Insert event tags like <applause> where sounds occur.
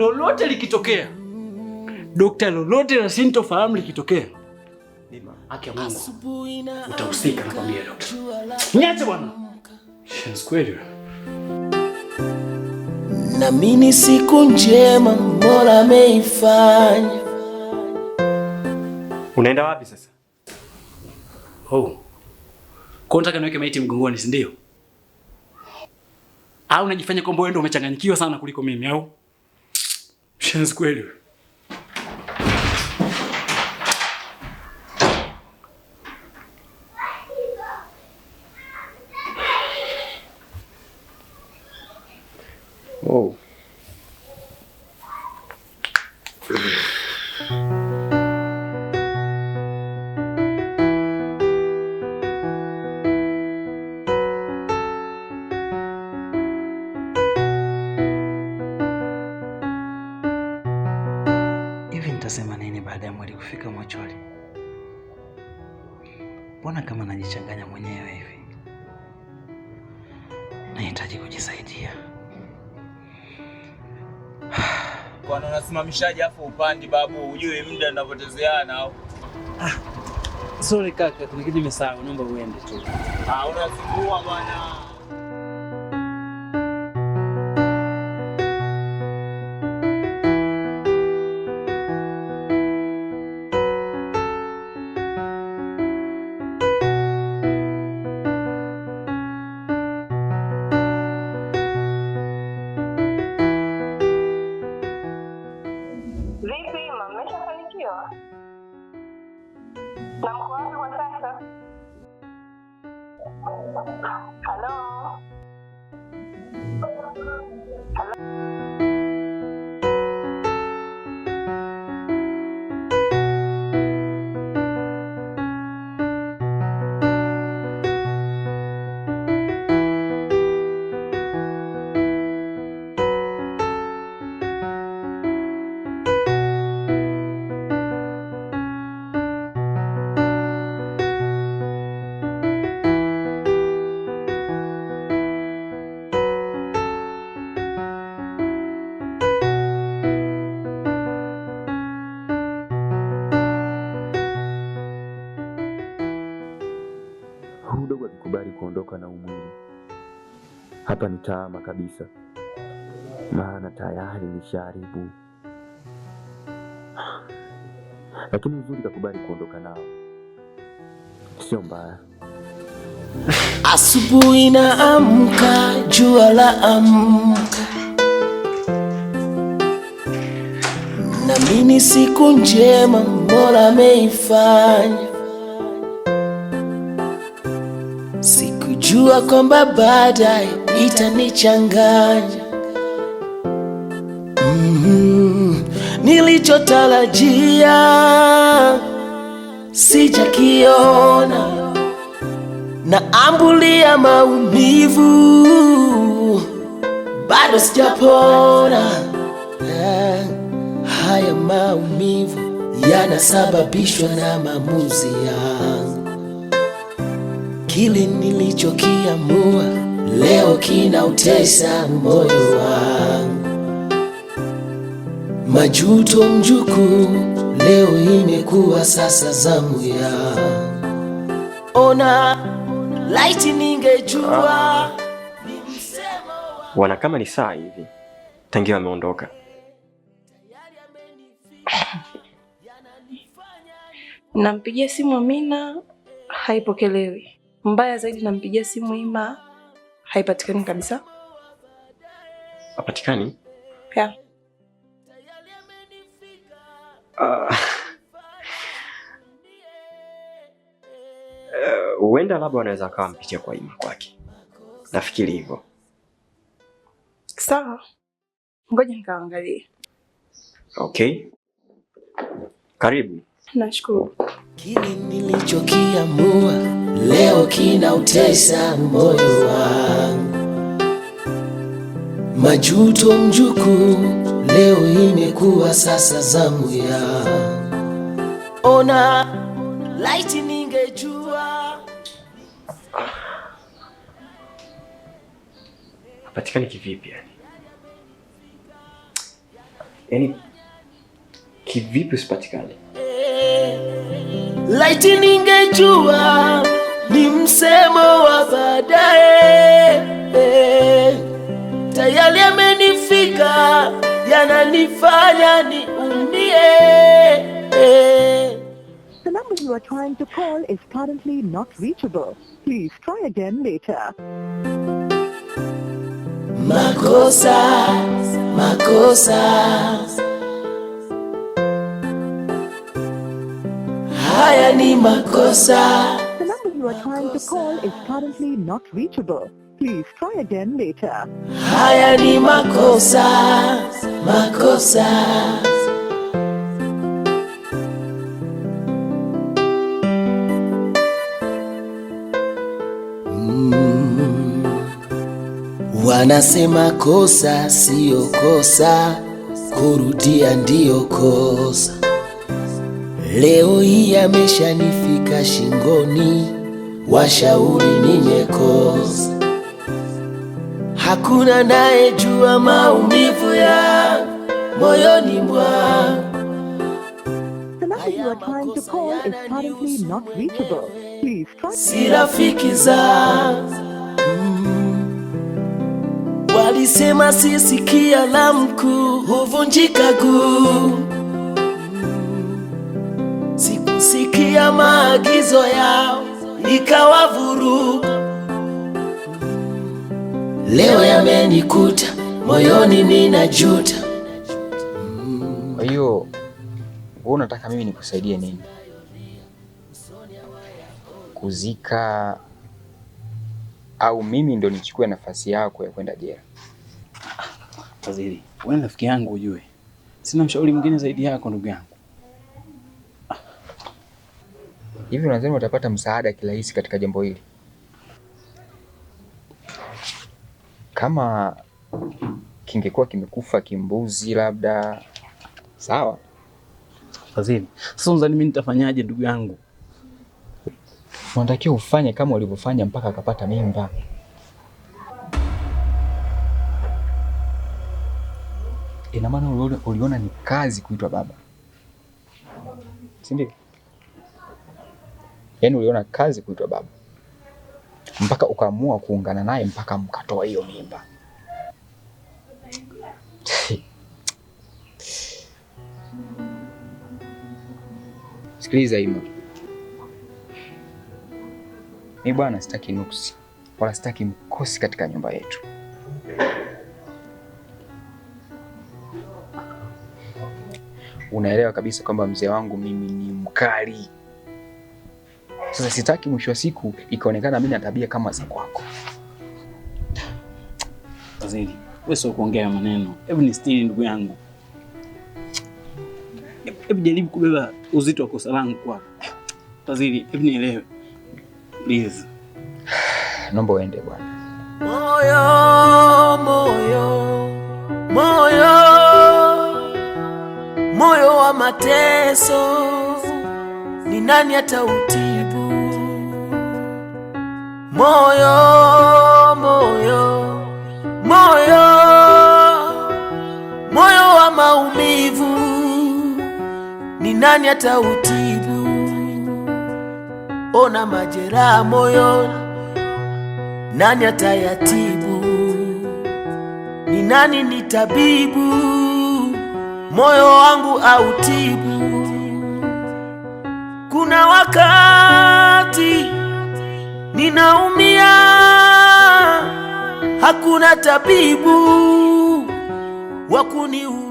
lolote likitokea, dokta, lolote la sintofahamu likitokea, utahusika, nakwambia dokta. Niache bwana. Shenzi kweli. Na mimi siku njema Mola ameifanya. Unaenda wapi sasa? Oh. Unataka niweke maiti mgongoni, si ndio? Au unajifanya kwamba wewe ndio umechanganyikiwa sana kuliko mimi au? Chance Square. Whoa. Utasema nini baada ya mwili kufika mochwari? Mbona kama najichanganya mwenyewe hivi? Nahitaji kujisaidia. <sighs> Bwana, unasimamishaje afu upandi babu, ujui muda ninavyotezeana au? Ah. Sorry kaka, kuna kitu nimesahau, naomba uende tu. Ah, unasikua bwana. Vamos a jugar Aló. hapa ni tama kabisa, maana tayari nisharibu. Lakini uzuri kakubali kuondoka nao, sio mbaya. Asubuhi na amka, jua la amka, na ni siku njema Mola ameifanya. Sikujua kwamba baadaye itanichanganya mm -hmm. Nilichotarajia sijakiona, na ya maumivu bado sijapona. Yeah. Haya maumivu yanasababishwa na maamuzi yangu, kile nilichokiamua leo kinautesa moyo wangu, majuto mjuku leo imekuwa sasa zamu ya ona laiti ningejua. Wana kama ni saa hivi tangia wameondoka. Nampigia simu Amina haipokelewi, mbaya zaidi nampigia simu Ima haipatikani kabisa. Hapatikani? Yeah. <laughs> Uh, huenda labda wanaweza akawa mpitia kwa ima kwake, nafikiri hivyo. Sawa, ngoja nikaangalie. Okay, karibu. Nashukuru. Kile nilichokiamua leo kinautesa moyo wangu, majuto mjuku leo imekuwa sasa zamu ya ona laiti ningejua. patikani kivipi yani? Yaani kivipi usipatikane? laiti ningejua ni msemo wa baadaye tayari amenifika, yananifanya ni umie. The number you are trying to call is currently not reachable. Please try again later. Makosa, makosa ni makosa. The number you are trying to call is currently not reachable. Please try again later. Haya ni makosa, makosa. Mm. Wanasema kosa siyo kosa, kurudia ndiyo kosa leo hii ameshanifika shingoni, washauri nimekosa, hakuna naye jua maumivu ya moyoni mwa si rafiki za mm. Walisema sisikia la mkuu huvunjika guu Niliposikia maagizo yao nikawavuruga. Leo yamenikuta moyoni, ninajuta. Kwa hiyo wewe unataka mimi nikusaidie nini? Kuzika au mimi ndo nichukue nafasi yako ya kwenda jela? Waziri, wewe rafiki yangu ujue, sina mshauri mwingine zaidi yako ndugu yangu. Hivi unadhani utapata msaada kirahisi katika jambo hili? Kama kingekuwa kimekufa kimbuzi labda sawa. Fazili, sasa unadhani mimi nitafanyaje ndugu yangu? Unatakiwa ufanye kama ulivyofanya mpaka akapata mimba. Ina maana uliona ni kazi kuitwa baba, si ndio? yani uliona kazi kuitwa baba mpaka ukaamua kuungana naye mpaka mkatoa hiyo mimba. <laughs> Sikiliza Ima, mi bwana, sitaki nuksi wala sitaki mkosi katika nyumba yetu. Unaelewa kabisa kwamba mzee wangu mimi ni mkali sasa sitaki mwisho wa siku ikaonekana mimi na tabia kama za kwako. Fadhili, wewe sio kuongea maneno. Hebu ni stili ndugu yangu. Hebu jaribu kubeba uzito wa kosa langu kwako. Fadhili, hebu nielewe. Please. Naomba uende bwana. Moyo, moyo, moyo, moyo wa mateso. Ni nani atautibu? moyo moyo moyo moyo wa maumivu, ni nani atautibu? Ona majeraha moyo nani atayatibu? Ni nani ni tabibu, moyo wangu autibu? Kuna wakati ninaumia, hakuna tabibu wa kuniu